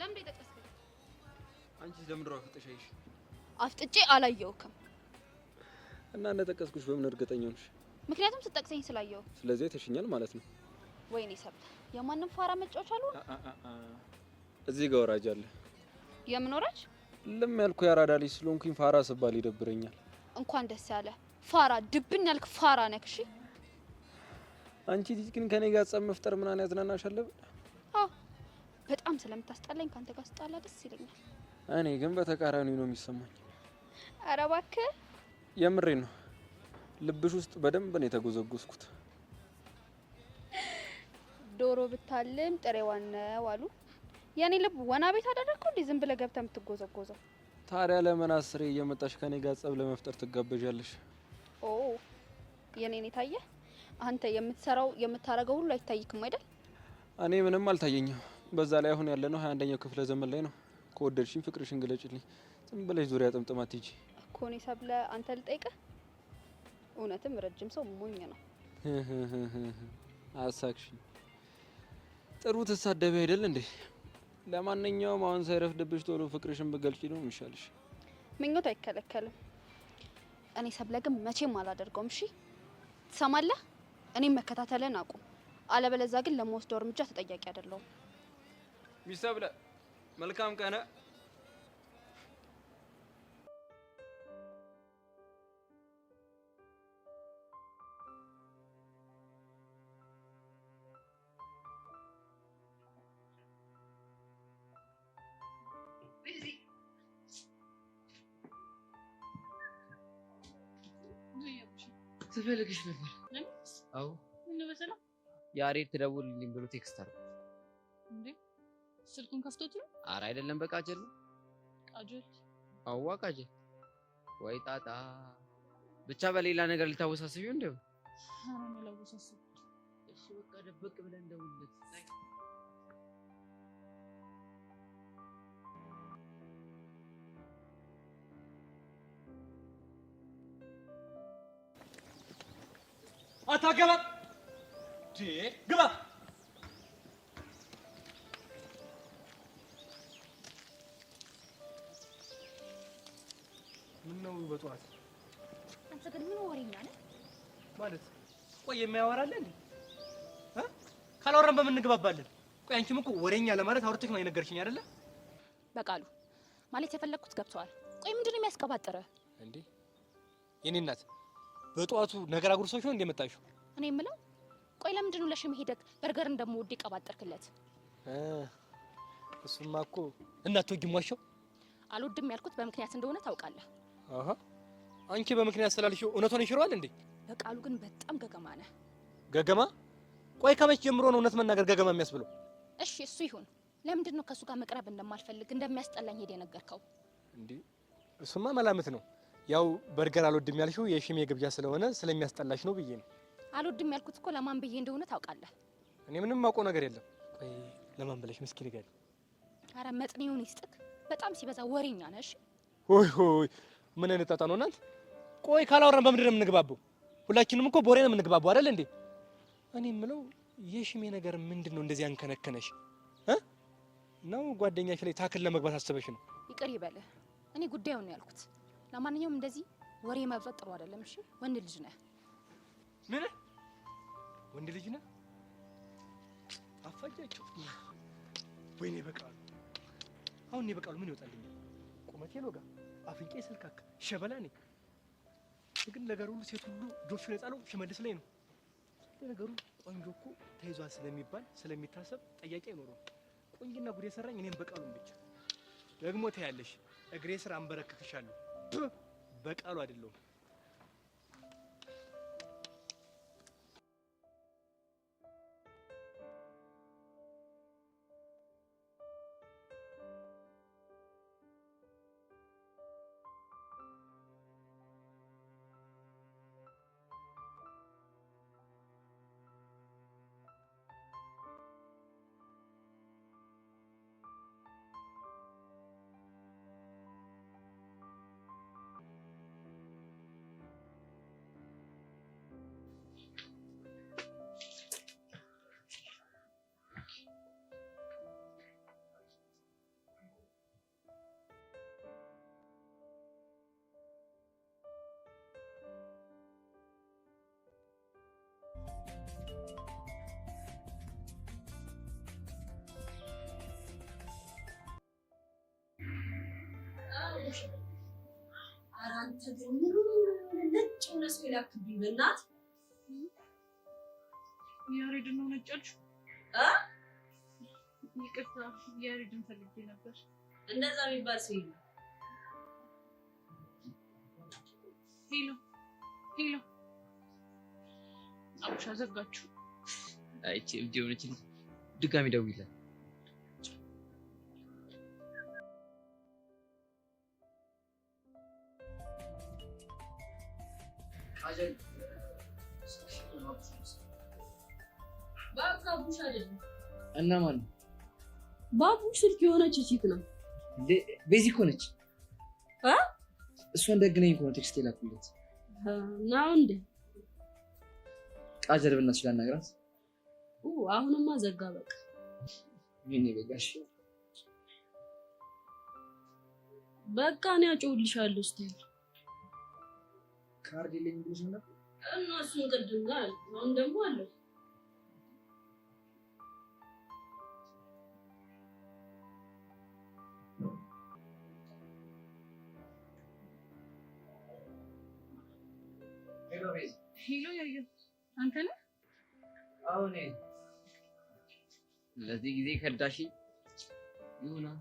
ለምን የጠቀስከኝ? አንቺ ለምን ድሮ አፍጥጬ አፍጥጬ አላየውክም። እና እንደጠቀስኩሽ በምን እርግጠኛ ነሽ? ምክንያቱም ስጠቅሰኝ ስላየው። ስለዚህ አይተሽኛል ማለት ነው። ወይኔ ሰብል፣ የማንም ፋራ መጫወቻ አልሆነ። እዚህ ጋር ወራጅ አለ። የምን ወራጅ? ለም ያልኩ ያራዳ ልጅ ስለሆንኩኝ ፋራ ስባል ይደብረኛል። እንኳን ደስ ያለ ፋራ፣ ድብን ያልክ ፋራ ነክ። እሺ አንቺ ልጅ ግን ከኔ ጋር ጸብ መፍጠር ምናን ያዝናናሽ አዎ በጣም ስለምታስጠላኝ ከአንተ ጋር ስጣላ ደስ ይለኛል። እኔ ግን በተቃራኒ ነው የሚሰማኝ። አረ እባክህ የምሬ ነው። ልብሽ ውስጥ በደንብ ነው የተጎዘጎዝኩት። ዶሮ ብታልም ጥሬዋን ነው አሉ። የኔ ልብ ወና ቤት አደረግኩ እንዴ? ዝም ብለህ ገብተህ የምትጎዘጎዘው ታዲያ ለምን አስሬ እየመጣሽ ከኔ ጋር ጸብ ለመፍጠር ትጋበዣለሽ? ኦ የኔን የታየ አንተ የምትሰራው የምታረገው ሁሉ አይታይክም አይደል? እኔ ምንም አልታየኝም። በዛ ላይ አሁን ያለነው ሀያ አንደኛው ክፍለ ዘመን ላይ ነው። ከወደድሽኝ ፍቅርሽን ግለጭልኝ። ዝም ብለሽ ዙሪያ ጥምጥማት ይጂ እኮ እኔ ሰብለ አንተ ልጠይቀ እውነትም ረጅም ሰው ሞኝ ነው። አሳክሽኝ። ጥሩ ትሳደቢ አይደል እንዴ? ለማንኛውም አሁን ሳይረፍድብሽ ቶሎ ፍቅርሽን ብገልጪ ነው የሚሻልሽ። ምኞት አይከለከልም። እኔ ሰብለ ግን መቼም አላደርገውም። እሺ ትሰማለህ? እኔም መከታተልን አቁም፣ አለበለዛ ግን ለመወስደው እርምጃ ተጠያቂ አይደለሁም። ሚሰብለ መልካም ቀነ ስፈልግሽ ነበር። አዎ ያሬድ ትደውልልኝ ብሎ ቴክስት አድርጎ ስልኩን ከፍቶት ነው? አረ አይደለም፣ በቃጀል ነው። ቃጆች? አዋ ቃጀል። ወይ ጣጣ። ብቻ በሌላ ነገር ልታወሳስቢው እንደው። አረ ነው ላወሳስብ። እሺ በቃ ደበቅ ብለን እንደውልለት አታገባ ግባ ምን ነው በጠዋት አንተ ግን ምን ወሬኛ ነህ? ማለት ቆይ የማያወራለ እንዴ? ካላወራን በምን እንግባባለን? ቆይ አንቺም እኮ ወሬኛ ለማለት አውርተሽ ነው የነገርሽኝ አይደለ? በቃሉ ማለት የፈለግኩት ገብተዋል። ቆይ ምንድነው የሚያስቀባጥረ እንዴ? የኔ እናት በጠዋቱ ነገር አጉርሶሽ ነው እንደመጣሽው። እኔ የምለው ቆይ ለምንድን ነው ለሽም ሄደክ በርገር እንደምወድ ይቀባጠርክለት? እሱማ እኮ እናት ወጊ ሟሸው አልወድም ያልኩት በምክንያት እንደሆነ ታውቃለህ። አሃ አንቺ በምክንያት ስላልሽው እውነቱን ይሽሯል እንዴ? በቃሉ ግን በጣም ገገማ ነህ። ገገማ? ቆይ ከመች ጀምሮ ነው እውነት መናገር ገገማ የሚያስብለው? እሺ እሱ ይሁን። ለምንድን ነው ከእሱ ጋር መቅረብ እንደማልፈልግ እንደሚያስጠላኝ ሄደ የነገርከው? እንዴ እሱማ መላምት ነው። ያው በርገር አልወድም ያልሽው የሽሜ ግብዣ ስለሆነ ስለሚያስጠላሽ ነው ብዬ ነው። አልወድም ያልኩት እኮ ለማን ብዬ እንደሆነ ታውቃለህ። እኔ ምንም የማውቀው ነገር የለም። ቆይ ለማን ብለሽ ምስኪን ይገል። አረ መጥኔውን ይስጥክ። በጣም ሲበዛ ወሬኛ ነሽ። ሆይ ሆይ ምን እንጠጣ ነው እናንተ? ቆይ ካላወራን በምንድን ነው የምንግባባው? ሁላችንም እኮ ቦሬ ነው የምንግባባው አይደል እንዴ? እኔ የምለው የሽሜ ነገር ምንድን ነው እንደዚህ አንከነከነሽ ነው? ጓደኛሽ ላይ ታክል ለመግባት አስበሽ ነው? ይቅር ይበለ። እኔ ጉዳዩን ነው ያልኩት። ለማንኛውም እንደዚህ ወሬ ማብዛት ጥሩ አይደለም። እሺ ወንድ ልጅ ነህ። ምን ወንድ ልጅ ነህ? አፋጃቸው። ወይኔ በቃሉ፣ አሁን እኔ በቃሉ ምን ይወጣልኛል? ቁመቴ ሎጋ አፍንቄ ስልካክ ሸበላ ነኝ። ግን ነገር ሁሉ ሴት ሁሉ ጆሹ የጣለው ነው ሽመልስ ላይ ነው። ለነገሩ ቆንጆ እኮ ተይዟል ስለሚባል ስለሚታሰብ ጠያቂ አይኖረውም። ቆንጅና ጉድ የሰራኝ እኔም በቃሉን ብቻ ደግሞ ታያለሽ። እግሬ ስር አንበረክክሻለሁ። በቃሉ አይደለሁም አንተ ግን ነጭ ሆነ ሰው የላክብኝ በእናት ያሬድ ነው ነጭ ይቅርታ ያሬድን ፈልጌ ነበር። እንደዛ የሚባል ሰው የለም። ሄሎ ሄሎ፣ አቡሻ ዘጋችሁ። አይቼ እብድ የሆነች ድጋሚ ደውይላል አጀል ባቡሽ እና ማን ነው? ባቡሽ ስልክ የሆነች ሴት ነው። ቤዚ እኮ ነች እሷ እንደግነኝ እኮ ነው ቴክስት የላኩለት ነው እንዴ? ቃጀል ብናች ላናግራት። አሁንማ ዘጋ በቃ ይሄን ይበቃሽ። በቃ እኔ አጮህልሻለሁ እስኪ ካርድ የለኝም ብለሽ ነው ነበር እና እሱን ቅድም ጋር አሁን ደግሞ አለው ሄሎ ያዩ አንተ ነህ? አሁን እኔ። ለዚህ ጊዜ ከዳሽኝ ይሁና